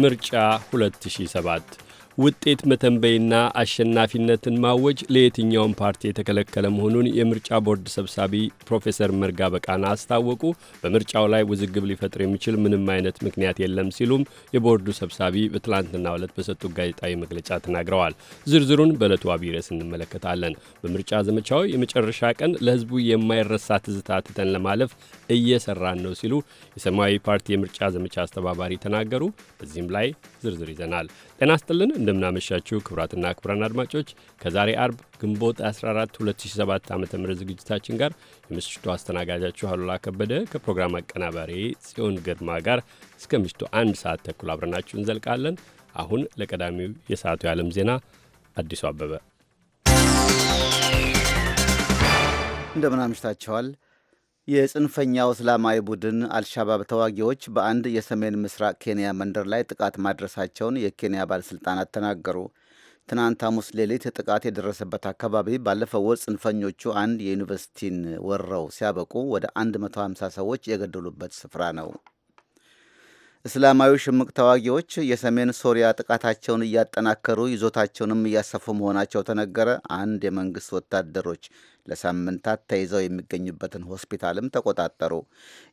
ምርጫ 2007 ውጤት መተንበይና አሸናፊነትን ማወጅ ለየትኛውም ፓርቲ የተከለከለ መሆኑን የምርጫ ቦርድ ሰብሳቢ ፕሮፌሰር መርጋ በቃና አስታወቁ። በምርጫው ላይ ውዝግብ ሊፈጥር የሚችል ምንም አይነት ምክንያት የለም ሲሉም የቦርዱ ሰብሳቢ በትላንትና ዕለት በሰጡት ጋዜጣዊ መግለጫ ተናግረዋል። ዝርዝሩን በዕለቱ አብይ እንመለከታለን። በምርጫ ዘመቻው የመጨረሻ ቀን ለህዝቡ የማይረሳ ትዝታ ትተን ለማለፍ እየሰራን ነው ሲሉ የሰማያዊ ፓርቲ የምርጫ ዘመቻ አስተባባሪ ተናገሩ። በዚህም ላይ ዝርዝር ይዘናል። ጤና እንደምናመሻችሁ ክቡራትና ክቡራን አድማጮች ከዛሬ አርብ ግንቦት 14 2007 ዓ ም ዝግጅታችን ጋር የምሽቱ አስተናጋጃችሁ አሉላ ከበደ ከፕሮግራም አቀናባሪ ጽዮን ግርማ ጋር እስከ ምሽቱ አንድ ሰዓት ተኩል አብረናችሁ እንዘልቃለን። አሁን ለቀዳሚው የሰዓቱ የዓለም ዜና አዲሱ አበበ እንደምን አምሽታችኋል። የጽንፈኛው እስላማዊ ቡድን አልሻባብ ተዋጊዎች በአንድ የሰሜን ምስራቅ ኬንያ መንደር ላይ ጥቃት ማድረሳቸውን የኬንያ ባለሥልጣናት ተናገሩ። ትናንት ሐሙስ ሌሊት ጥቃት የደረሰበት አካባቢ ባለፈው ወር ጽንፈኞቹ አንድ የዩኒቨርሲቲን ወረው ሲያበቁ ወደ 150 ሰዎች የገደሉበት ስፍራ ነው። እስላማዊ ሽምቅ ተዋጊዎች የሰሜን ሶሪያ ጥቃታቸውን እያጠናከሩ ይዞታቸውንም እያሰፉ መሆናቸው ተነገረ። አንድ የመንግሥት ወታደሮች ለሳምንታት ተይዘው የሚገኙበትን ሆስፒታልም ተቆጣጠሩ።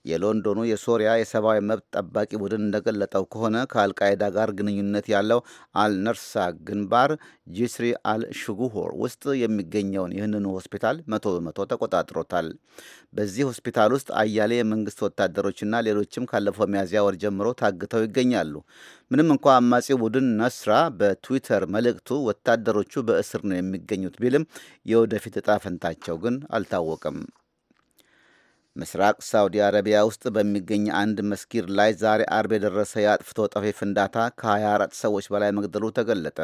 የሎንዶኑ የሶሪያ የሰብአዊ መብት ጠባቂ ቡድን እንደገለጠው ከሆነ ከአልቃይዳ ጋር ግንኙነት ያለው አልነርሳ ግንባር ጂስሪ አልሽጉሆር ውስጥ የሚገኘውን ይህንኑ ሆስፒታል መቶ በመቶ ተቆጣጥሮታል። በዚህ ሆስፒታል ውስጥ አያሌ የመንግስት ወታደሮችና ሌሎችም ካለፈው ሚያዝያ ወር ጀምሮ ታግተው ይገኛሉ። ምንም እንኳ አማጺ ቡድን ነስራ በትዊተር መልእክቱ ወታደሮቹ በእስር ነው የሚገኙት ቢልም የወደፊት እጣ ፈንታቸው ግን አልታወቅም። ምስራቅ ሳውዲ አረቢያ ውስጥ በሚገኝ አንድ መስጊድ ላይ ዛሬ አርብ የደረሰ የአጥፍቶ ጠፊ ፍንዳታ ከ24 ሰዎች በላይ መግደሉ ተገለጠ።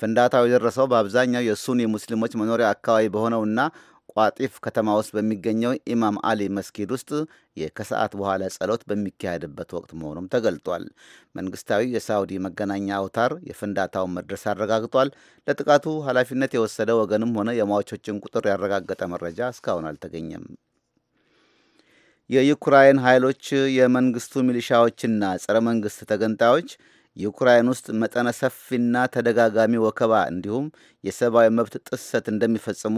ፍንዳታው የደረሰው በአብዛኛው የሱኒ ሙስሊሞች መኖሪያ አካባቢ በሆነውና ቋጢፍ ከተማ ውስጥ በሚገኘው ኢማም አሊ መስጊድ ውስጥ ከሰዓት በኋላ ጸሎት በሚካሄድበት ወቅት መሆኑም ተገልጧል። መንግስታዊ የሳውዲ መገናኛ አውታር የፍንዳታውን መድረስ አረጋግጧል። ለጥቃቱ ኃላፊነት የወሰደ ወገንም ሆነ የሟቾችን ቁጥር ያረጋገጠ መረጃ እስካሁን አልተገኘም። የዩክራይን ኃይሎች የመንግስቱ ሚሊሻዎችና ጸረ መንግስት ተገንጣዮች ዩክራይን ውስጥ መጠነ ሰፊና ተደጋጋሚ ወከባ እንዲሁም የሰብአዊ መብት ጥሰት እንደሚፈጽሙ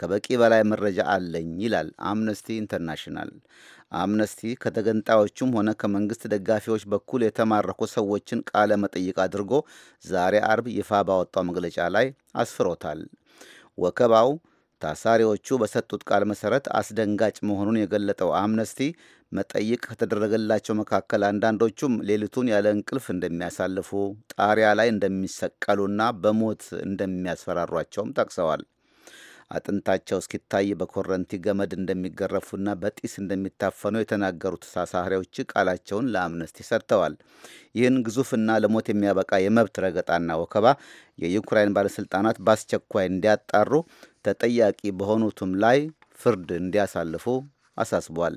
ከበቂ በላይ መረጃ አለኝ ይላል አምነስቲ ኢንተርናሽናል። አምነስቲ ከተገንጣዮቹም ሆነ ከመንግስት ደጋፊዎች በኩል የተማረኩ ሰዎችን ቃለ መጠይቅ አድርጎ ዛሬ አርብ ይፋ ባወጣው መግለጫ ላይ አስፍሮታል። ወከባው ታሳሪዎቹ በሰጡት ቃል መሰረት አስደንጋጭ መሆኑን የገለጠው አምነስቲ መጠይቅ ከተደረገላቸው መካከል አንዳንዶቹም ሌሊቱን ያለ እንቅልፍ እንደሚያሳልፉ፣ ጣሪያ ላይ እንደሚሰቀሉና በሞት እንደሚያስፈራሯቸውም ጠቅሰዋል። አጥንታቸው እስኪታይ በኮረንቲ ገመድ እንደሚገረፉና በጢስ እንደሚታፈኑ የተናገሩት ተሳሳሪዎች ቃላቸውን ለአምነስቲ ሰጥተዋል። ይህን ግዙፍና ለሞት የሚያበቃ የመብት ረገጣና ወከባ የዩክራይን ባለሥልጣናት በአስቸኳይ እንዲያጣሩ፣ ተጠያቂ በሆኑትም ላይ ፍርድ እንዲያሳልፉ አሳስቧል።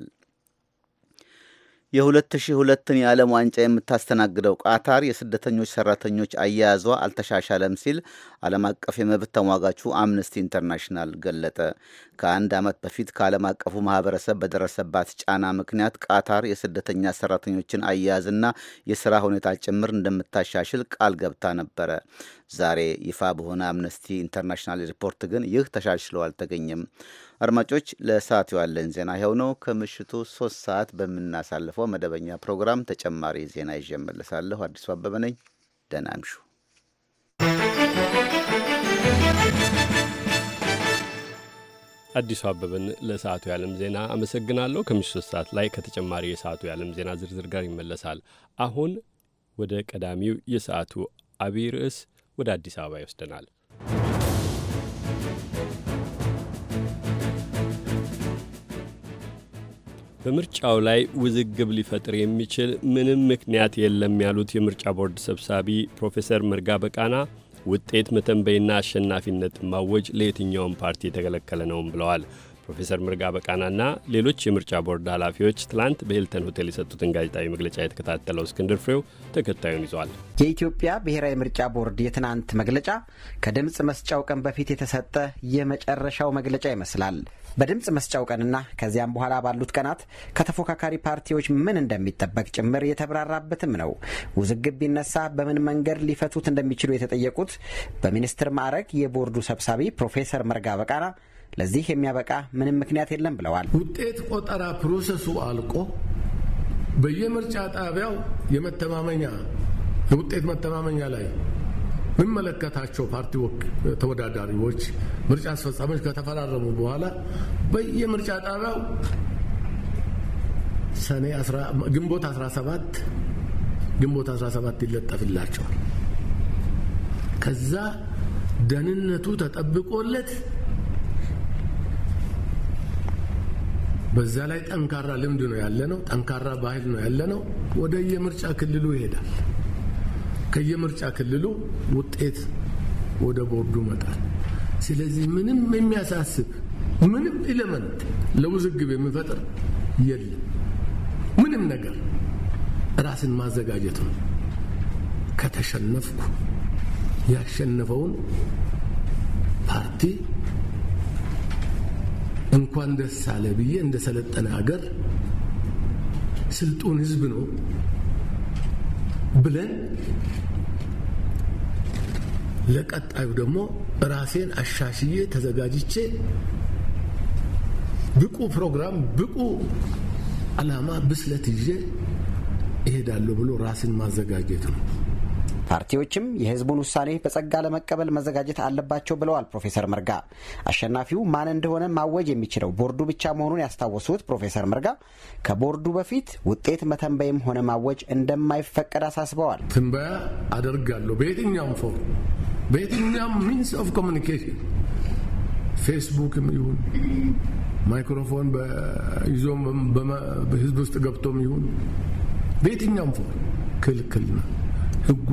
የ2002ን የዓለም ዋንጫ የምታስተናግደው ቃታር የስደተኞች ሰራተኞች አያያዟ አልተሻሻለም ሲል ዓለም አቀፍ የመብት ተሟጋቹ አምነስቲ ኢንተርናሽናል ገለጠ። ከአንድ ዓመት በፊት ከዓለም አቀፉ ማህበረሰብ በደረሰባት ጫና ምክንያት ቃታር የስደተኛ ሰራተኞችን አያያዝና የሥራ ሁኔታ ጭምር እንደምታሻሽል ቃል ገብታ ነበረ። ዛሬ ይፋ በሆነ አምነስቲ ኢንተርናሽናል ሪፖርት ግን ይህ ተሻሽሎ አልተገኘም። አድማጮች፣ ለሰዓቱ ያለን ዜና ይኸው ነው። ከምሽቱ ሶስት ሰዓት በምናሳልፈው መደበኛ ፕሮግራም ተጨማሪ ዜና ይዤ እመለሳለሁ። አዲሱ አበበ ነኝ። ደህና አዲሱ አበበን ለሰዓቱ የዓለም ዜና አመሰግናለሁ። ከምሽቱ ሶስት ሰዓት ላይ ከተጨማሪ የሰዓቱ የዓለም ዜና ዝርዝር ጋር ይመለሳል። አሁን ወደ ቀዳሚው የሰዓቱ አብይ ርዕስ ወደ አዲስ አበባ ይወስደናል። በምርጫው ላይ ውዝግብ ሊፈጥር የሚችል ምንም ምክንያት የለም ያሉት የምርጫ ቦርድ ሰብሳቢ ፕሮፌሰር መርጋ በቃና ውጤት መተንበይና አሸናፊነት ማወጅ ለየትኛውም ፓርቲ የተከለከለ ነውም ብለዋል። ፕሮፌሰር ምርጋ በቃናና ሌሎች የምርጫ ቦርድ ኃላፊዎች ትላንት በሂልተን ሆቴል የሰጡትን ጋዜጣዊ መግለጫ የተከታተለው እስክንድር ፍሬው ተከታዩን ይዟል። የኢትዮጵያ ብሔራዊ ምርጫ ቦርድ የትናንት መግለጫ ከድምፅ መስጫው ቀን በፊት የተሰጠ የመጨረሻው መግለጫ ይመስላል። በድምፅ መስጫው ቀንና ከዚያም በኋላ ባሉት ቀናት ከተፎካካሪ ፓርቲዎች ምን እንደሚጠበቅ ጭምር የተብራራበትም ነው። ውዝግብ ቢነሳ በምን መንገድ ሊፈቱት እንደሚችሉ የተጠየቁት በሚኒስትር ማዕረግ የቦርዱ ሰብሳቢ ፕሮፌሰር መርጋ በቃና ለዚህ የሚያበቃ ምንም ምክንያት የለም ብለዋል። ውጤት ቆጠራ ፕሮሰሱ አልቆ በየምርጫ ጣቢያው የመተማመኛ የውጤት መተማመኛ ላይ የሚመለከታቸው ፓርቲ ተወዳዳሪዎች፣ ምርጫ አስፈጻሚዎች ከተፈራረሙ በኋላ በየምርጫ ጣቢያው ሰኔ ግንቦት 17 ግንቦት 17 ይለጠፍላቸዋል። ከዛ ደህንነቱ ተጠብቆለት በዛ ላይ ጠንካራ ልምድ ነው ያለ ነው። ጠንካራ ባህል ነው ያለ ነው። ወደ የምርጫ ክልሉ ይሄዳል። ከየምርጫ ክልሉ ውጤት ወደ ቦርዱ መጣል። ስለዚህ ምንም የሚያሳስብ ምንም ኢለመንት ለውዝግብ የሚፈጥር የለም። ምንም ነገር ራስን ማዘጋጀት ነው። ከተሸነፍኩ ያሸነፈውን ፓርቲ እንኳን ደስ አለ ብዬ እንደ ሰለጠነ ሀገር ስልጡን ህዝብ ነው ብለን ለቀጣዩ ደግሞ ራሴን አሻሽዬ ተዘጋጅቼ ብቁ ፕሮግራም፣ ብቁ ዓላማ፣ ብስለት ይዤ እሄዳለሁ ብሎ ራስን ማዘጋጀት ነው። ፓርቲዎችም የህዝቡን ውሳኔ በጸጋ ለመቀበል መዘጋጀት አለባቸው ብለዋል ፕሮፌሰር መርጋ። አሸናፊው ማን እንደሆነ ማወጅ የሚችለው ቦርዱ ብቻ መሆኑን ያስታወሱት ፕሮፌሰር መርጋ ከቦርዱ በፊት ውጤት መተንበይም ሆነ ማወጅ እንደማይፈቀድ አሳስበዋል። ትንበያ አደርጋለሁ በየትኛውም ፎር በየትኛውም ሚንስ ኦፍ ኮሚኒኬሽን ፌስቡክም ይሁን ማይክሮፎን ይዞ በህዝብ ውስጥ ገብቶም ይሁን በየትኛውም ፎር ክልክል ነው። ህጉ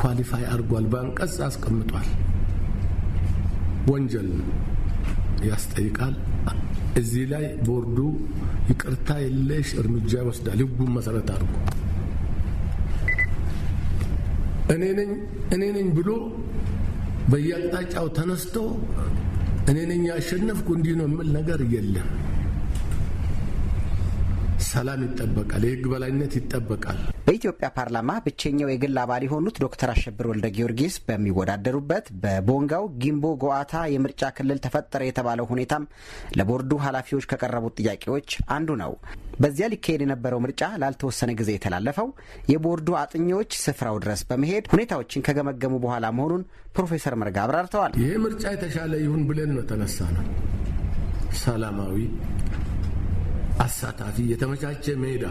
ኳሊፋይ አድርጓል። በአንቀጽ አስቀምጧል። ወንጀል ያስጠይቃል። እዚህ ላይ ቦርዱ ይቅርታ የለሽ እርምጃ ይወስዳል። ህጉን መሰረት አድርጎ እኔ ነኝ ብሎ በየአቅጣጫው ተነስቶ እኔ ነኝ ያሸነፍኩ እንዲህ ነው የምል ነገር የለም። ሰላም ይጠበቃል፣ የህግ በላይነት ይጠበቃል። በኢትዮጵያ ፓርላማ ብቸኛው የግል አባል የሆኑት ዶክተር አሸብር ወልደ ጊዮርጊስ በሚወዳደሩበት በቦንጋው ጊምቦ ጎዋታ የምርጫ ክልል ተፈጠረ የተባለው ሁኔታም ለቦርዱ ኃላፊዎች ከቀረቡት ጥያቄዎች አንዱ ነው። በዚያ ሊካሄድ የነበረው ምርጫ ላልተወሰነ ጊዜ የተላለፈው የቦርዱ አጥኚዎች ስፍራው ድረስ በመሄድ ሁኔታዎችን ከገመገሙ በኋላ መሆኑን ፕሮፌሰር መርጋ አብራርተዋል። ይህ ምርጫ የተሻለ ይሁን ብለን ነው ተነሳ ነው ሰላማዊ አሳታፊ የተመቻቸ ሜዳ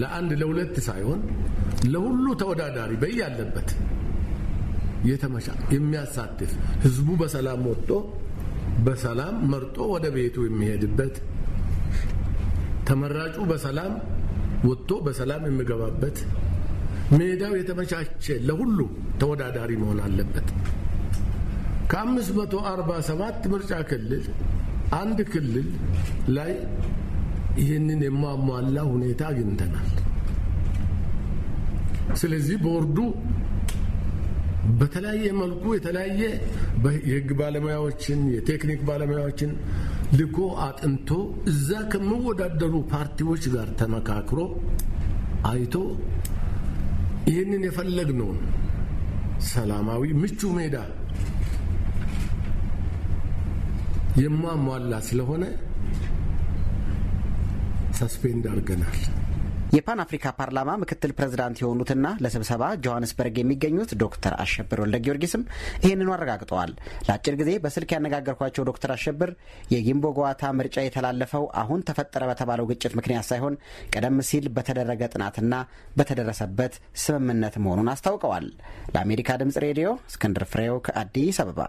ለአንድ ለሁለት ሳይሆን ለሁሉ ተወዳዳሪ በያለበት የተመቻ የሚያሳትፍ ህዝቡ በሰላም ወጥቶ በሰላም መርጦ ወደ ቤቱ የሚሄድበት ተመራጩ በሰላም ወጥቶ በሰላም የሚገባበት ሜዳው የተመቻቸ ለሁሉ ተወዳዳሪ መሆን አለበት አርባ ከ547 ምርጫ ክልል አንድ ክልል ላይ ይህንን የማሟላ ሁኔታ አግኝተናል። ስለዚህ ቦርዱ በተለያየ መልኩ የተለያየ የህግ ባለሙያዎችን የቴክኒክ ባለሙያዎችን ልኮ አጥንቶ እዛ ከሚወዳደሩ ፓርቲዎች ጋር ተመካክሮ አይቶ ይህንን የፈለግነውን ሰላማዊ ምቹ ሜዳ የማሟላ ስለሆነ ሰስፔንድ አድርገናል። የፓን አፍሪካ ፓርላማ ምክትል ፕሬዝዳንት የሆኑትና ለስብሰባ ጆሀንስበርግ የሚገኙት ዶክተር አሸብር ወልደ ጊዮርጊስም ይህንኑ አረጋግጠዋል። ለአጭር ጊዜ በስልክ ያነጋገርኳቸው ዶክተር አሸብር የጊምቦ ጓዋታ ምርጫ የተላለፈው አሁን ተፈጠረ በተባለው ግጭት ምክንያት ሳይሆን ቀደም ሲል በተደረገ ጥናትና በተደረሰበት ስምምነት መሆኑን አስታውቀዋል። ለአሜሪካ ድምጽ ሬዲዮ እስክንድር ፍሬው ከአዲስ አበባ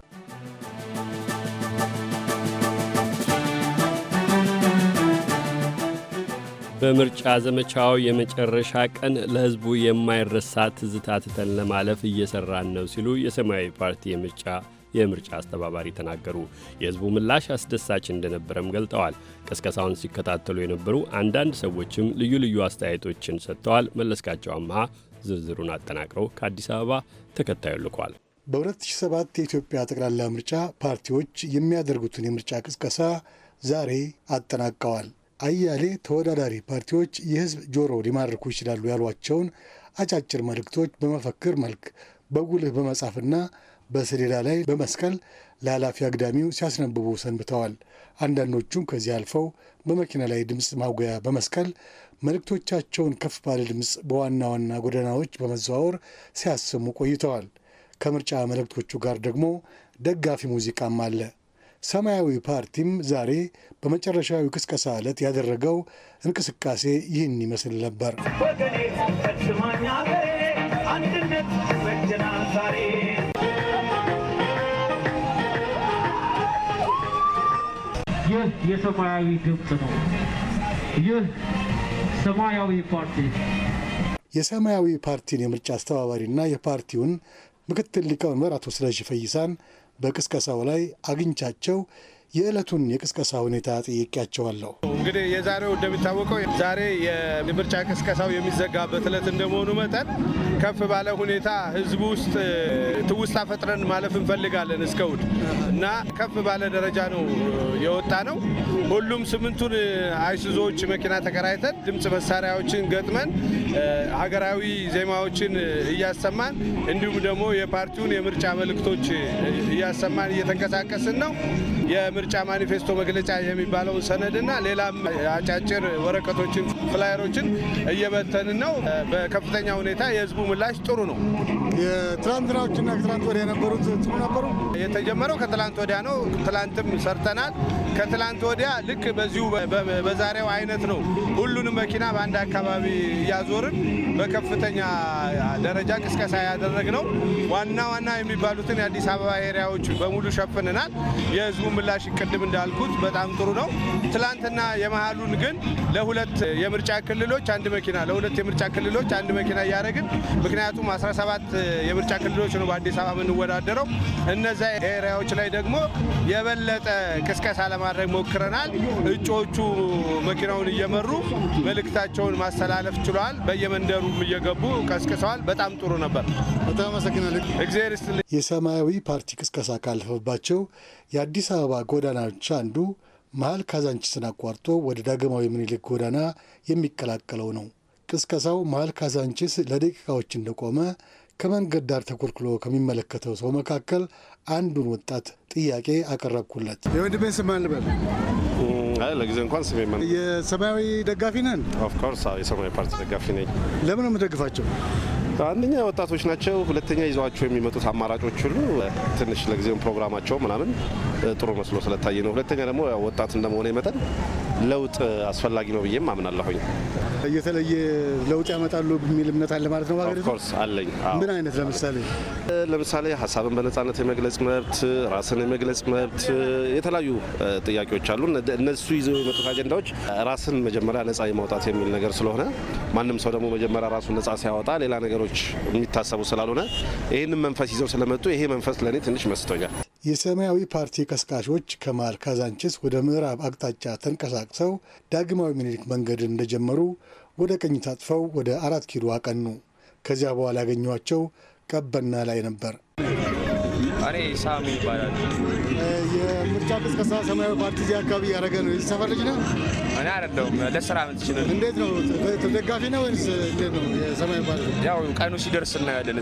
በምርጫ ዘመቻው የመጨረሻ ቀን ለሕዝቡ የማይረሳ ትዝታ ትተን ለማለፍ እየሰራን ነው ሲሉ የሰማያዊ ፓርቲ የምርጫ የምርጫ አስተባባሪ ተናገሩ። የሕዝቡ ምላሽ አስደሳች እንደነበረም ገልጠዋል። ቅስቀሳውን ሲከታተሉ የነበሩ አንዳንድ ሰዎችም ልዩ ልዩ አስተያየቶችን ሰጥተዋል። መለስካቸው አምሃ ዝርዝሩን አጠናቅረው ከአዲስ አበባ ተከታዩ ልኳል። በ2007 የኢትዮጵያ ጠቅላላ ምርጫ ፓርቲዎች የሚያደርጉትን የምርጫ ቅስቀሳ ዛሬ አጠናቀዋል። አያሌ ተወዳዳሪ ፓርቲዎች የህዝብ ጆሮ ሊማርኩ ይችላሉ ያሏቸውን አጫጭር መልእክቶች በመፈክር መልክ በጉልህ በመጻፍና በሰሌዳ ላይ በመስቀል ለኃላፊ አግዳሚው ሲያስነብቡ ሰንብተዋል። አንዳንዶቹም ከዚህ አልፈው በመኪና ላይ ድምፅ ማጉያ በመስቀል መልእክቶቻቸውን ከፍ ባለ ድምፅ በዋና ዋና ጎዳናዎች በመዘዋወር ሲያሰሙ ቆይተዋል። ከምርጫ መልእክቶቹ ጋር ደግሞ ደጋፊ ሙዚቃም አለ። ሰማያዊ ፓርቲም ዛሬ በመጨረሻዊ ቅስቀሳ ዕለት ያደረገው እንቅስቃሴ ይህን ይመስል ነበር። ይህ የሰማያዊ ድምፅ ነው። ይህ ሰማያዊ ፓርቲ የሰማያዊ ፓርቲን የምርጫ አስተባባሪና የፓርቲውን ምክትል ሊቀመንበር አቶ ስለሺ ፈይሳን በቅስቀሳው ላይ አግኝቻቸው የዕለቱን የቅስቀሳ ሁኔታ ጠይቄያቸዋለሁ። እንግዲህ የዛሬው እንደሚታወቀው ዛሬ የምርጫ ቅስቀሳው የሚዘጋበት ዕለት እንደመሆኑ መጠን ከፍ ባለ ሁኔታ ህዝቡ ውስጥ ትውስታ ፈጥረን ማለፍ እንፈልጋለን። እስከ እሑድ እና ከፍ ባለ ደረጃ ነው የወጣ ነው። ሁሉም ስምንቱን አይሱዞዎች መኪና ተከራይተን ድምፅ መሳሪያዎችን ገጥመን ሀገራዊ ዜማዎችን እያሰማን እንዲሁም ደግሞ የፓርቲውን የምርጫ መልእክቶች እያሰማን እየተንቀሳቀስን ነው። የምርጫ ማኒፌስቶ መግለጫ የሚባለውን ሰነድና ሌላም አጫጭር ወረቀቶችን፣ ፍላየሮችን እየበተንን ነው። በከፍተኛ ሁኔታ የህዝቡ ምላሽ ጥሩ ነው። የትላንትናዎችና ከትላንት ወዲያ የነበሩት ጥሩ ነበሩ። የተጀመረው ከትላንት ወዲያ ነው። ትላንትም ሰርተናል። ከትላንት ወዲያ ልክ በዚሁ በዛሬው አይነት ነው ሁሉንም መኪና በአንድ አካባቢ እያዞርን በከፍተኛ ደረጃ ቅስቀሳ ያደረግ ነው። ዋና ዋና የሚባሉትን የአዲስ አበባ ኤሪያዎች በሙሉ ሸፍንናል። የህዝቡ ምላሽ ቅድም እንዳልኩት በጣም ጥሩ ነው። ትላንትና የመሀሉን ግን ለሁለት የምርጫ ክልሎች አንድ መኪና ለሁለት የምርጫ ክልሎች አንድ መኪና እያደረግን ምክንያቱም 17 የምርጫ ክልሎች ነው በአዲስ አበባ የምንወዳደረው። እነዚ ኤሪያዎች ላይ ደግሞ የበለጠ ቅስቀሳ ለማድረግ ሞክረናል። እጩዎቹ መኪናውን እየመሩ መልእክታቸውን ማስተላለፍ ችሏል። በየመንደሩም እየገቡ ቀስቅሰዋል። በጣም ጥሩ ነበር። በጣም አመሰግናለሁ። እግዚአብሔር ይስጥልኝ። የሰማያዊ ፓርቲ ቅስቀሳ ካለፈባቸው የአዲስ አበባ ጎዳናዎች አንዱ መሀል ካዛንቺስን አቋርጦ ወደ ዳግማዊ ምኒልክ ጎዳና የሚቀላቀለው ነው። ቅስቀሳው መሀል ካዛንችስ ለደቂቃዎች እንደቆመ ከመንገድ ዳር ተኮልኩሎ ከሚመለከተው ሰው መካከል አንዱን ወጣት ጥያቄ አቀረብኩለት። የወንድሜን ስም ልበል? ለጊዜ እንኳን ስሜ ምን። የሰማያዊ ደጋፊ ነን? ኦፍኮርስ የሰማያዊ ፓርቲ ደጋፊ ነኝ። ለምን ነው የምደግፋቸው? አንደኛ ወጣቶች ናቸው፣ ሁለተኛ ይዘዋቸው የሚመጡት አማራጮች ሁሉ ትንሽ ለጊዜው ፕሮግራማቸው ምናምን ጥሩ መስሎ ስለታየ ነው። ሁለተኛ ደግሞ ወጣት እንደመሆነ መጠን ለውጥ አስፈላጊ ነው ብዬም አምናለሁኝ። የተለየ ለውጥ ያመጣሉ የሚል እምነት አለ ማለት ነው። ኦፍኮርስ አለኝ። ምን አይነት ለምሳሌ ለምሳሌ ሀሳብን በነጻነት የመግለጽ መብት፣ ራስን የመግለጽ መብት፣ የተለያዩ ጥያቄዎች አሉ። እነሱ ይዘው የመጡት አጀንዳዎች ራስን መጀመሪያ ነጻ የማውጣት የሚል ነገር ስለሆነ ማንም ሰው ደግሞ መጀመሪያ ራሱን ነጻ ሲያወጣ ሌላ ነገሮች የሚታሰቡ ስላልሆነ ይህንን መንፈስ ይዘው ስለመጡ ይሄ መንፈስ ለእኔ ትንሽ መስቶኛል። የሰማያዊ ፓርቲ ቀስቃሾች ከማል ካዛንችስ ወደ ምዕራብ አቅጣጫ ተንቀሳቅሰው ዳግማዊ ምኒልክ መንገድን እንደጀመሩ ወደ ቀኝ ታጥፈው ወደ አራት ኪሎ አቀኑ። ከዚያ በኋላ ያገኘኋቸው ቀበና ላይ ነበር። እኔ ሳሚ ይባላል። የምርጫ ቅስቀሳ ሰማያዊ ፓርቲ እዚህ አካባቢ እያደረገ ነው። የዚህ ሰፈር ልጅ ነው። እኔ አይደለሁም። ለስራ ምትችል እንዴት ነው? ደጋፊ ነው ወይስ እንዴት ነው? የሰማያዊ ፓርቲ ያው ቀኑ ሲደርስ እናያለን።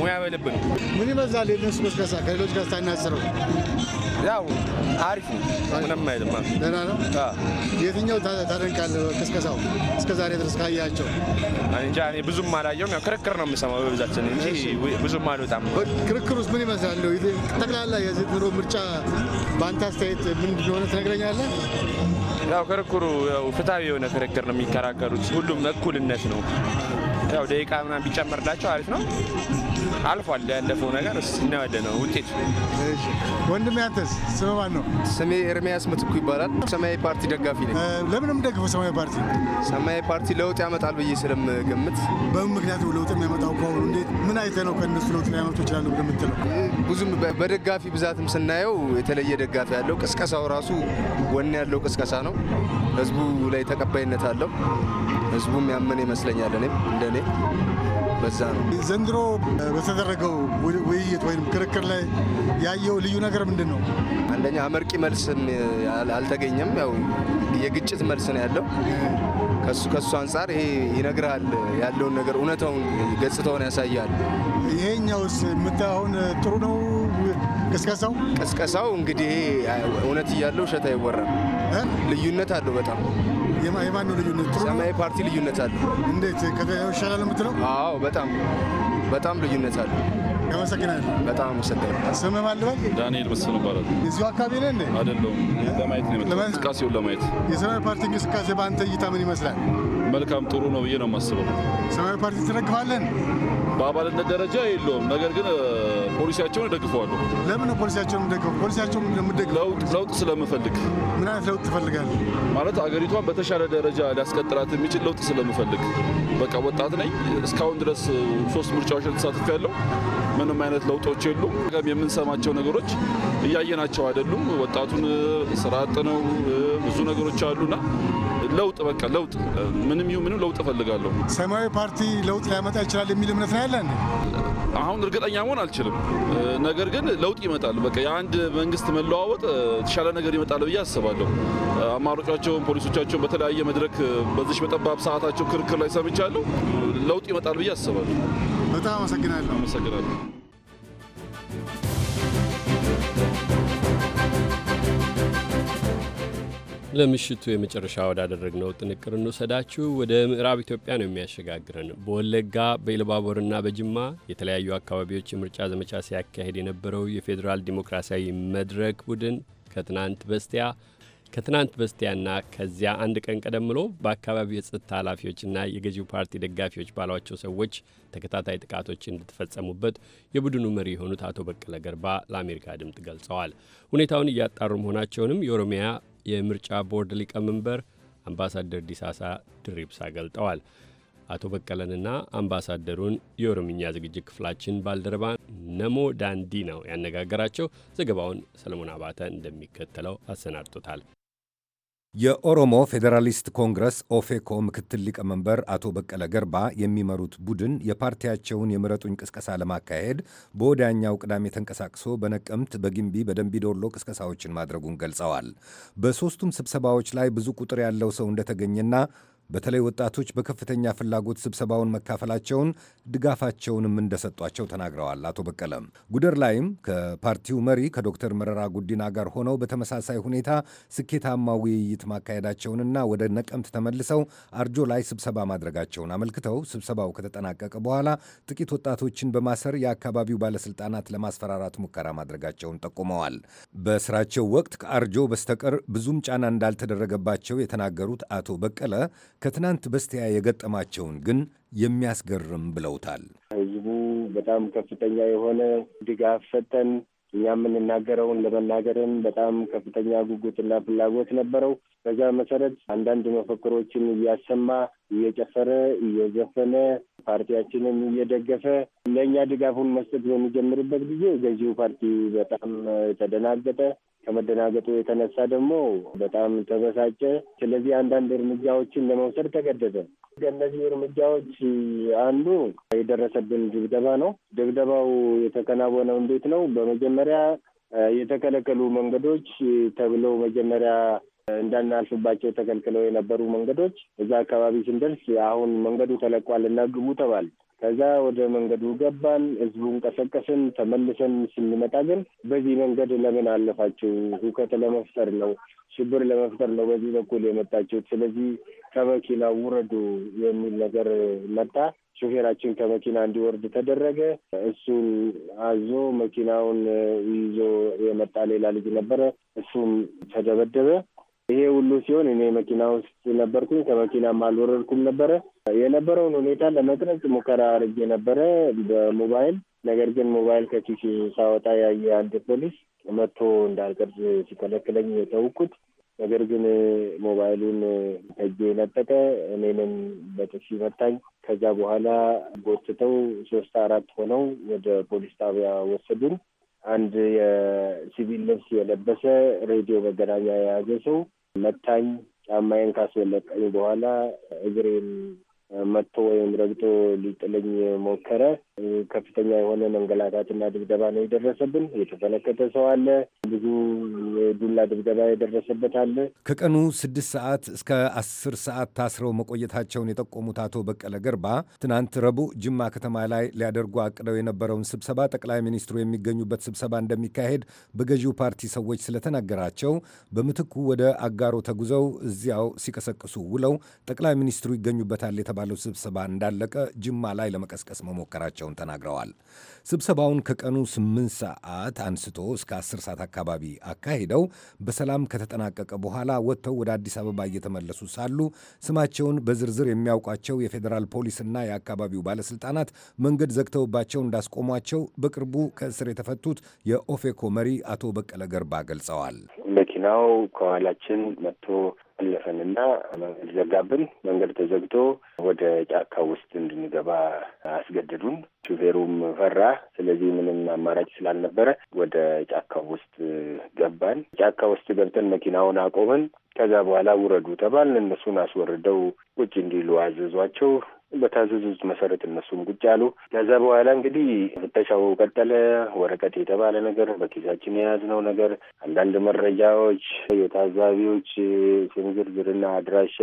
ሙያ በልብ ነው። ምን ይመስላል የነሱ ቅስቀሳ ከሌሎች ጋር ያው አሪፍ ነው። ምንም አይልም። ደህና ነው። የትኛው ታደንቃለህ? ቅስቀሳው እስከ ዛሬ ድረስ ካያቸው እንጃ እኔ ብዙም አላየሁም። ያው ክርክር ነው የምሰማው በብዛችን እንጂ ብዙም አልወጣም። ክርክር ውስጥ ምን ይመስላል? ጠቅላላ የዘንድሮ ምርጫ በአንተ አስተያየት ምን እንደሆነ ትነግረኛለህ? ያው ክርክሩ ፍትሐዊ የሆነ ክርክር ነው የሚከራከሩት። ሁሉም እኩልነት ነው። ያው ደቂቃ ምናምን ቢጨመርላቸው አሪፍ ነው። አልፏል። ያለፈው ነገር እናያለ ነው ውጤቱ። ወንድም ያንተስ ስም ማን ነው? ስሜ ኤርሚያስ ምትኩ ይባላል። ሰማያዊ ፓርቲ ደጋፊ ነኝ። ለምንም ደግፈው ሰማያዊ ፓርቲ ሰማያዊ ፓርቲ ለውጥ ያመጣል ብዬ ስለምገምት። በምን ምክንያት ለውጥ የሚያመጣው ከሆኑ እንዴት ምን አይተ ነው ከእነሱ ለውጥ ሊያመጡ ይችላሉ ብለምትለው? ብዙም በደጋፊ ብዛትም ስናየው የተለየ ደጋፊ ያለው ቅስቀሳው ራሱ ወን ያለው ቅስቀሳ ነው። ህዝቡ ላይ ተቀባይነት አለው። ህዝቡም ያመነ ይመስለኛል። እኔም እንደኔ በዛ ነው። ዘንድሮ በተደረገው ውይይት ወይም ክርክር ላይ ያየው ልዩ ነገር ምንድን ነው? አንደኛ አመርቂ መልስም አልተገኘም። ያው የግጭት መልስ ነው ያለው። ከሱ ከሱ አንጻር ይሄ ይነግራል ያለውን ነገር እውነታውን ገጽታውን ያሳያል። ይሄኛውስ የምታሁን ጥሩ ነው ቅስቀሳው ቅስቀሳው እንግዲህ እውነት እያለው ውሸት አይወራም። ልዩነት አለው በጣም የማን ነው ልዩነት? ሰማያዊ ፓርቲ ልዩነት አለ። እንዴት ከገዢው ይሻላል የምትለው? አዎ በጣም በጣም ልዩነት አለ። አመሰግናለሁ። በጣም አመሰግናለሁ። ስምህ ማን ልበል? ዳንኤል መሰለ ይባላል። እዚሁ አካባቢ ነህ እንዴ? አይደለሁም፣ ለማየት ነው የመጣሁት፣ እንቅስቃሴውን ለማየት። የሰማያዊ ፓርቲ እንቅስቃሴ በአንተ እይታ ምን ይመስላል? መልካም ጥሩ ነው ብዬ ነው የማስበው። ሰማያዊ ፓርቲ ትደግፋለህ? በአባልነት ደረጃ የለውም፣ ነገር ግን ፖሊሲያቸውን እደግፈዋለሁ። ለምን ፖሊሲያቸውን የምደግፈው? ፖሊሲያቸውን የምደግፈው ለውጥ ስለምፈልግ። ምን አይነት ለውጥ ትፈልጋለህ? ማለት አገሪቷን በተሻለ ደረጃ ሊያስቀጥላት የሚችል ለውጥ ስለምፈልግ። በቃ ወጣት ነኝ። እስካሁን ድረስ ሶስት ምርጫዎች ተሳትፍ ያለው ምንም አይነት ለውጦች የሉም። የምንሰማቸው ነገሮች እያየናቸው አይደሉም። ወጣቱን ስራ አጥ ነው። ብዙ ነገሮች አሉና ለውጥ በቃ ለውጥ ምንም ይሁን ምንም ለውጥ እፈልጋለሁ። ሰማያዊ ፓርቲ ለውጥ ሊያመጣ ይችላል የሚል እምነት ነው ያለን። አሁን እርግጠኛ መሆን አልችልም። ነገር ግን ለውጥ ይመጣል። በቃ የአንድ መንግስት መለዋወጥ የተሻለ ነገር ይመጣል ብዬ አስባለሁ። አማራጮቻቸውን፣ ፖሊሶቻቸውን በተለያየ መድረክ በዚች በጠባብ ሰዓታቸው ክርክር ላይ ሰምቻለሁ። ለውጥ ይመጣል ብዬ አስባለሁ። በጣም አመሰግናለሁ። አመሰግናለሁ። ለምሽቱ የመጨረሻ ወዳደረግነው ጥንቅር እንውሰዳችሁ። ወደ ምዕራብ ኢትዮጵያ ነው የሚያሸጋግረን። በወለጋ በኢሉባቦርና በጅማ የተለያዩ አካባቢዎች የምርጫ ዘመቻ ሲያካሄድ የነበረው የፌዴራል ዲሞክራሲያዊ መድረክ ቡድን ከትናንት በስቲያ ከትናንት በስቲያና ከዚያ አንድ ቀን ቀደም ብሎ በአካባቢው የጸጥታ ኃላፊዎችና የገዢው ፓርቲ ደጋፊዎች ባሏቸው ሰዎች ተከታታይ ጥቃቶች እንድትፈጸሙበት የቡድኑ መሪ የሆኑት አቶ በቀለ ገርባ ለአሜሪካ ድምፅ ገልጸዋል። ሁኔታውን እያጣሩ መሆናቸውንም የኦሮሚያ የምርጫ ቦርድ ሊቀመንበር አምባሳደር ዲሳሳ ድሪብሳ ገልጠዋል። አቶ በቀለንና አምባሳደሩን የኦሮምኛ ዝግጅት ክፍላችን ባልደረባ ነሞ ዳንዲ ነው ያነጋገራቸው። ዘገባውን ሰለሞን አባተ እንደሚከተለው አሰናድቶታል። የኦሮሞ ፌዴራሊስት ኮንግረስ ኦፌኮ ምክትል ሊቀመንበር አቶ በቀለ ገርባ የሚመሩት ቡድን የፓርቲያቸውን የምረጡኝ ቅስቀሳ ለማካሄድ በወዳኛው ቅዳሜ ተንቀሳቅሶ በነቀምት፣ በግንቢ በደንቢ ዶሎ ቅስቀሳዎችን ማድረጉን ገልጸዋል። በሦስቱም ስብሰባዎች ላይ ብዙ ቁጥር ያለው ሰው እንደተገኘና በተለይ ወጣቶች በከፍተኛ ፍላጎት ስብሰባውን መካፈላቸውን ድጋፋቸውንም እንደሰጧቸው ተናግረዋል። አቶ በቀለ ጉደር ላይም ከፓርቲው መሪ ከዶክተር መረራ ጉዲና ጋር ሆነው በተመሳሳይ ሁኔታ ስኬታማ ውይይት ማካሄዳቸውንና ወደ ነቀምት ተመልሰው አርጆ ላይ ስብሰባ ማድረጋቸውን አመልክተው ስብሰባው ከተጠናቀቀ በኋላ ጥቂት ወጣቶችን በማሰር የአካባቢው ባለስልጣናት ለማስፈራራት ሙከራ ማድረጋቸውን ጠቁመዋል። በስራቸው ወቅት ከአርጆ በስተቀር ብዙም ጫና እንዳልተደረገባቸው የተናገሩት አቶ በቀለ ከትናንት በስቲያ የገጠማቸውን ግን የሚያስገርም ብለውታል። ህዝቡ በጣም ከፍተኛ የሆነ ድጋፍ ሰጠን። እኛ የምንናገረውን ለመናገርም በጣም ከፍተኛ ጉጉትና ፍላጎት ነበረው። በዛ መሰረት አንዳንድ መፈክሮችን እያሰማ እየጨፈረ እየዘፈነ ፓርቲያችንን እየደገፈ ለእኛ ድጋፉን መስጠት በሚጀምርበት ጊዜ ገዢው ፓርቲ በጣም ተደናገጠ። ከመደናገጡ የተነሳ ደግሞ በጣም ተበሳጨ። ስለዚህ አንዳንድ እርምጃዎችን ለመውሰድ ተገደደ። ከእነዚህ እርምጃዎች አንዱ የደረሰብን ድብደባ ነው። ድብደባው የተከናወነው እንዴት ነው? በመጀመሪያ የተከለከሉ መንገዶች ተብለው መጀመሪያ እንዳናልፍባቸው ተከልክለው የነበሩ መንገዶች እዛ አካባቢ ስንደርስ አሁን መንገዱ ተለቋል እና ግቡ ተባል ከዛ ወደ መንገዱ ገባን፣ ህዝቡን ቀሰቀስን። ተመልሰን ስንመጣ ግን በዚህ መንገድ ለምን አለፋችሁ? ሁከት ለመፍጠር ነው፣ ሽብር ለመፍጠር ነው በዚህ በኩል የመጣችሁት። ስለዚህ ከመኪና ውረዱ የሚል ነገር መጣ። ሹፌራችን ከመኪና እንዲወርድ ተደረገ። እሱን አዞ መኪናውን ይዞ የመጣ ሌላ ልጅ ነበረ። እሱም ተደበደበ። ይሄ ሁሉ ሲሆን እኔ መኪና ውስጥ ነበርኩኝ። ከመኪናም አልወረድኩም ነበረ። የነበረውን ሁኔታ ለመቅረጽ ሙከራ አድርጌ ነበረ በሞባይል ነገር ግን ሞባይል ከኪስ ሳወጣ ያየ አንድ ፖሊስ መጥቶ እንዳልቀርጽ ሲከለክለኝ የተውኩት። ነገር ግን ሞባይሉን ከእጄ ነጠቀ፣ እኔንም በጥፊ መታኝ። ከዛ በኋላ ጎትተው ሶስት አራት ሆነው ወደ ፖሊስ ጣቢያ ወሰዱን። አንድ የሲቪል ልብስ የለበሰ ሬዲዮ መገናኛ የያዘ ሰው መታኝ። ጫማዬን ካስወለቀኝ በኋላ እግሬን መጥቶ ወይም ረግጦ ሊጥለኝ ሞከረ። ከፍተኛ የሆነ መንገላታትና ድብደባ ነው የደረሰብን። የተፈነከተ ሰው አለ። ብዙ የዱላ ድብደባ የደረሰበት አለ። ከቀኑ ስድስት ሰዓት እስከ አስር ሰዓት ታስረው መቆየታቸውን የጠቆሙት አቶ በቀለ ገርባ ትናንት ረቡዕ ጅማ ከተማ ላይ ሊያደርጉ አቅደው የነበረውን ስብሰባ ጠቅላይ ሚኒስትሩ የሚገኙበት ስብሰባ እንደሚካሄድ በገዢው ፓርቲ ሰዎች ስለተናገራቸው በምትኩ ወደ አጋሮ ተጉዘው እዚያው ሲቀሰቅሱ ውለው ጠቅላይ ሚኒስትሩ ይገኙበታል የተባለው ስብሰባ እንዳለቀ ጅማ ላይ ለመቀስቀስ መሞከራቸውን ተናግረዋል። ስብሰባውን ከቀኑ 8 ሰዓት አንስቶ እስከ 10 ሰዓት አካባቢ አካሂደው በሰላም ከተጠናቀቀ በኋላ ወጥተው ወደ አዲስ አበባ እየተመለሱ ሳሉ ስማቸውን በዝርዝር የሚያውቋቸው የፌዴራል ፖሊስና የአካባቢው ባለስልጣናት መንገድ ዘግተውባቸው እንዳስቆሟቸው በቅርቡ ከእስር የተፈቱት የኦፌኮ መሪ አቶ በቀለ ገርባ ገልጸዋል። መኪናው ከኋላችን መጥቶ አለፈንና መንገድ ዘጋብን። መንገድ ተዘግቶ ወደ ጫካ ውስጥ እንድንገባ አስገደዱን። ሹፌሩም ፈራ። ስለዚህ ምንም አማራጭ ስላልነበረ ወደ ጫካ ውስጥ ገባን። ጫካ ውስጥ ገብተን መኪናውን አቆምን። ከዛ በኋላ ውረዱ ተባልን። እነሱን አስወርደው ቁጭ እንዲሉ አዘዟቸው። በታዘዙት መሰረት እነሱም ቁጭ አሉ። ከዛ በኋላ እንግዲህ ፍተሻው ቀጠለ። ወረቀት የተባለ ነገር፣ በኪሳችን የያዝነው ነገር፣ አንዳንድ መረጃዎች፣ የታዛቢዎች ስም ዝርዝርና አድራሻ፣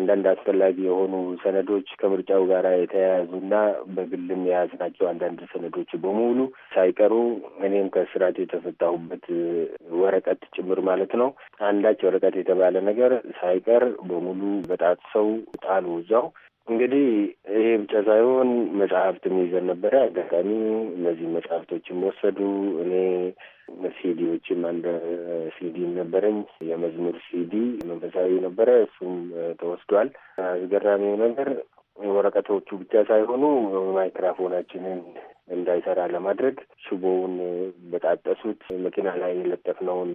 አንዳንድ አስፈላጊ የሆኑ ሰነዶች ከምርጫው ጋር የተያያዙና በግልም የያዝናቸው አንዳንድ ሰነዶች በሙሉ ሳይቀሩ እኔም ከስርዓት የተፈታሁበት ወረቀት ጭምር ማለት ነው። አንዳች ወረቀት የተባለ ነገር ሳይቀር በሙሉ በጣት ሰው ጣሉ እዛው እንግዲህ ይሄ ብቻ ሳይሆን መጽሐፍትም ይዘን ነበረ። አጋጣሚ እነዚህ መጽሐፍቶችም ወሰዱ። እኔ ሲዲዎችም አንድ ሲዲ ነበረኝ፣ የመዝሙር ሲዲ መንፈሳዊ ነበረ። እሱም ተወስዷል። አስገራሚው ነገር ወረቀቶቹ ብቻ ሳይሆኑ ማይክራፎናችንን እንዳይሰራ ለማድረግ ሽቦውን በጣጠሱት መኪና ላይ የለጠፍነውን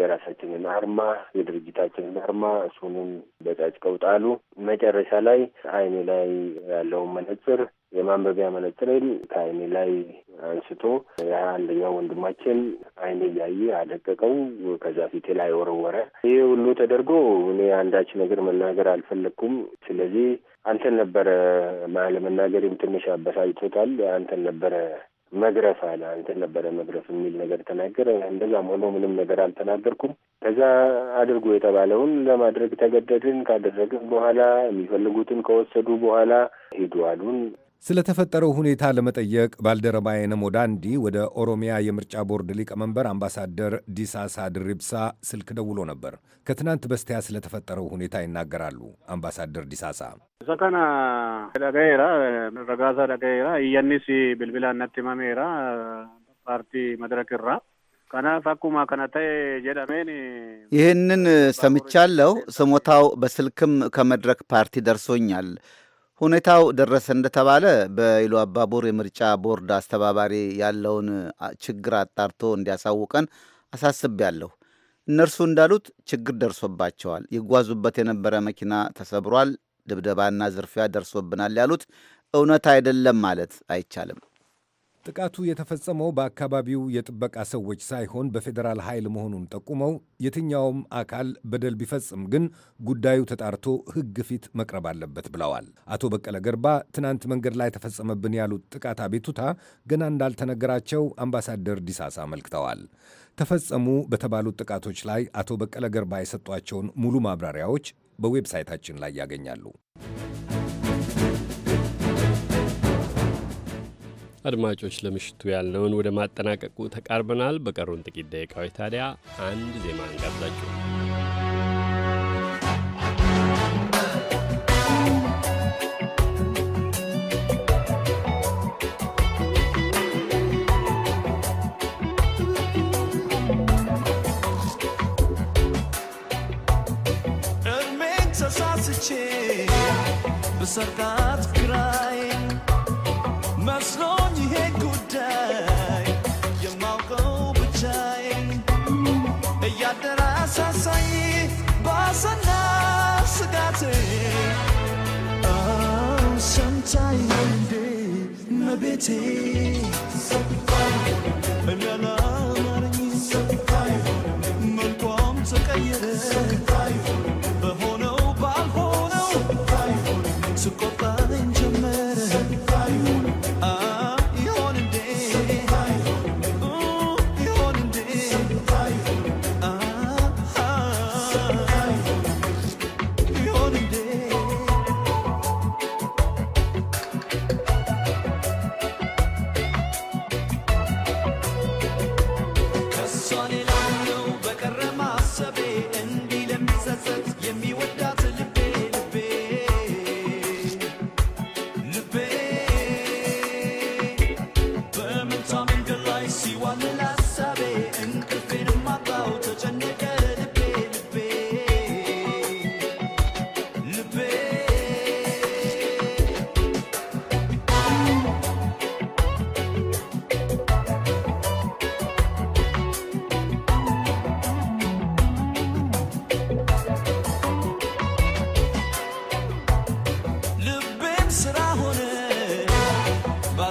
የራሳችንን አርማ የድርጅታችንን አርማ እሱንም በጫጭቀው ጣሉ። መጨረሻ ላይ አይኔ ላይ ያለውን መነጽር የማንበቢያ መነጽሬን ከአይኔ ላይ አንስቶ አንደኛው ወንድማችን አይኔ እያየ አደቀቀው፣ ከዛ ፊቴ ላይ ወረወረ። ይህ ሁሉ ተደርጎ እኔ አንዳች ነገር መናገር አልፈለግኩም። ስለዚህ አንተን ነበረ ማለ መናገሬም ትንሽ አበሳጭቶታል። አንተን ነበረ መግረፍ አለ። አንተን ነበረ መግረፍ የሚል ነገር ተናገረ። እንደዛም ሆኖ ምንም ነገር አልተናገርኩም። ከዛ አድርጎ የተባለውን ለማድረግ ተገደድን። ካደረግን በኋላ የሚፈልጉትን ከወሰዱ በኋላ ሂዱ አሉን። ስለ ተፈጠረው ሁኔታ ለመጠየቅ ባልደረባዬ ነሞ ዳንዲ ወደ ኦሮሚያ የምርጫ ቦርድ ሊቀመንበር አምባሳደር ዲሳሳ ድሪብሳ ስልክ ደውሎ ነበር። ከትናንት በስቲያ ስለ ተፈጠረው ሁኔታ ይናገራሉ አምባሳደር ዲሳሳ። ሰከና ደገራ ረጋሳ ደገራ እየኒስ ብልብላ ነትመሜራ ፓርቲ መድረክ ራ ይህንን ሰምቻለሁ። ስሞታው በስልክም ከመድረክ ፓርቲ ደርሶኛል። ሁኔታው ደረሰ እንደተባለ በኢሉ አባቡር የምርጫ ቦርድ አስተባባሪ ያለውን ችግር አጣርቶ እንዲያሳውቀን አሳስቤያለሁ። እነርሱ እንዳሉት ችግር ደርሶባቸዋል። ይጓዙበት የነበረ መኪና ተሰብሯል፣ ድብደባና ዝርፊያ ደርሶብናል ያሉት እውነት አይደለም ማለት አይቻልም። ጥቃቱ የተፈጸመው በአካባቢው የጥበቃ ሰዎች ሳይሆን በፌዴራል ኃይል መሆኑን ጠቁመው የትኛውም አካል በደል ቢፈጽም ግን ጉዳዩ ተጣርቶ ሕግ ፊት መቅረብ አለበት ብለዋል። አቶ በቀለ ገርባ ትናንት መንገድ ላይ ተፈጸመብን ያሉት ጥቃት አቤቱታ ገና እንዳልተነገራቸው አምባሳደር ዲሳሳ አመልክተዋል። ተፈጸሙ በተባሉት ጥቃቶች ላይ አቶ በቀለ ገርባ የሰጧቸውን ሙሉ ማብራሪያዎች በዌብሳይታችን ላይ ያገኛሉ። አድማጮች ለምሽቱ ያልነውን ወደ ማጠናቀቁ ተቃርበናል። በቀሩን ጥቂት ደቂቃዎች ታዲያ አንድ ዜማ እንጋብዛችሁ። Sausage, gravity.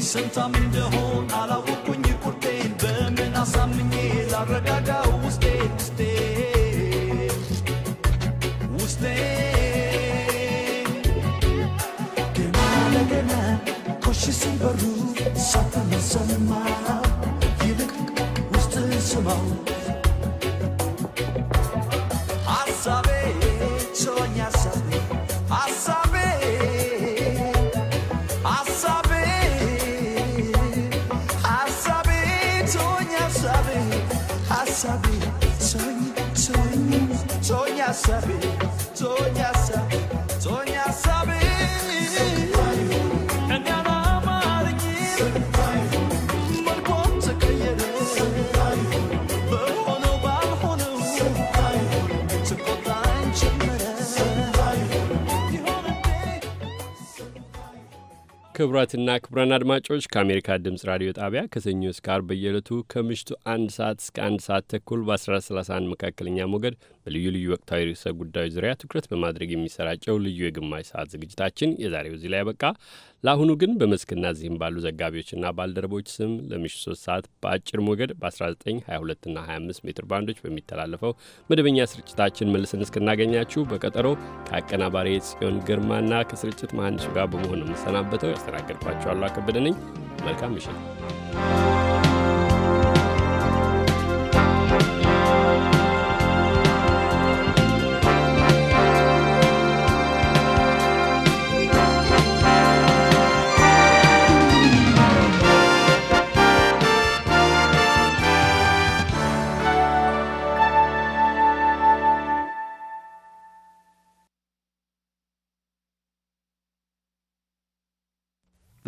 sometimes sabe, tô sabe. ክቡራትና ክቡራን አድማጮች ከአሜሪካ ድምፅ ራዲዮ ጣቢያ ከሰኞ እስከ አርብ በየዕለቱ ከምሽቱ አንድ ሰዓት እስከ አንድ ሰዓት ተኩል በ 1131 መካከለኛ ሞገድ በልዩ ልዩ ወቅታዊ ርዕሰ ጉዳዮች ዙሪያ ትኩረት በማድረግ የሚሰራጨው ልዩ የግማሽ ሰዓት ዝግጅታችን የዛሬው እዚህ ላይ ያበቃ። ለአሁኑ ግን በመስክና እዚህም ባሉ ዘጋቢዎችና ባልደረቦች ስም ለምሽት ሶስት ሰዓት በአጭር ሞገድ በ 1922 እና 25 ሜትር ባንዶች በሚተላለፈው መደበኛ ስርጭታችን መልስን እስክናገኛችሁ በቀጠሮ ከአቀናባሪ ጽዮን ግርማና ከስርጭት መሐንዲሱ ጋር በመሆን የምሰናበተው ያስተናገድኳቸኋሉ አከበደ ነኝ። መልካም ምሽት።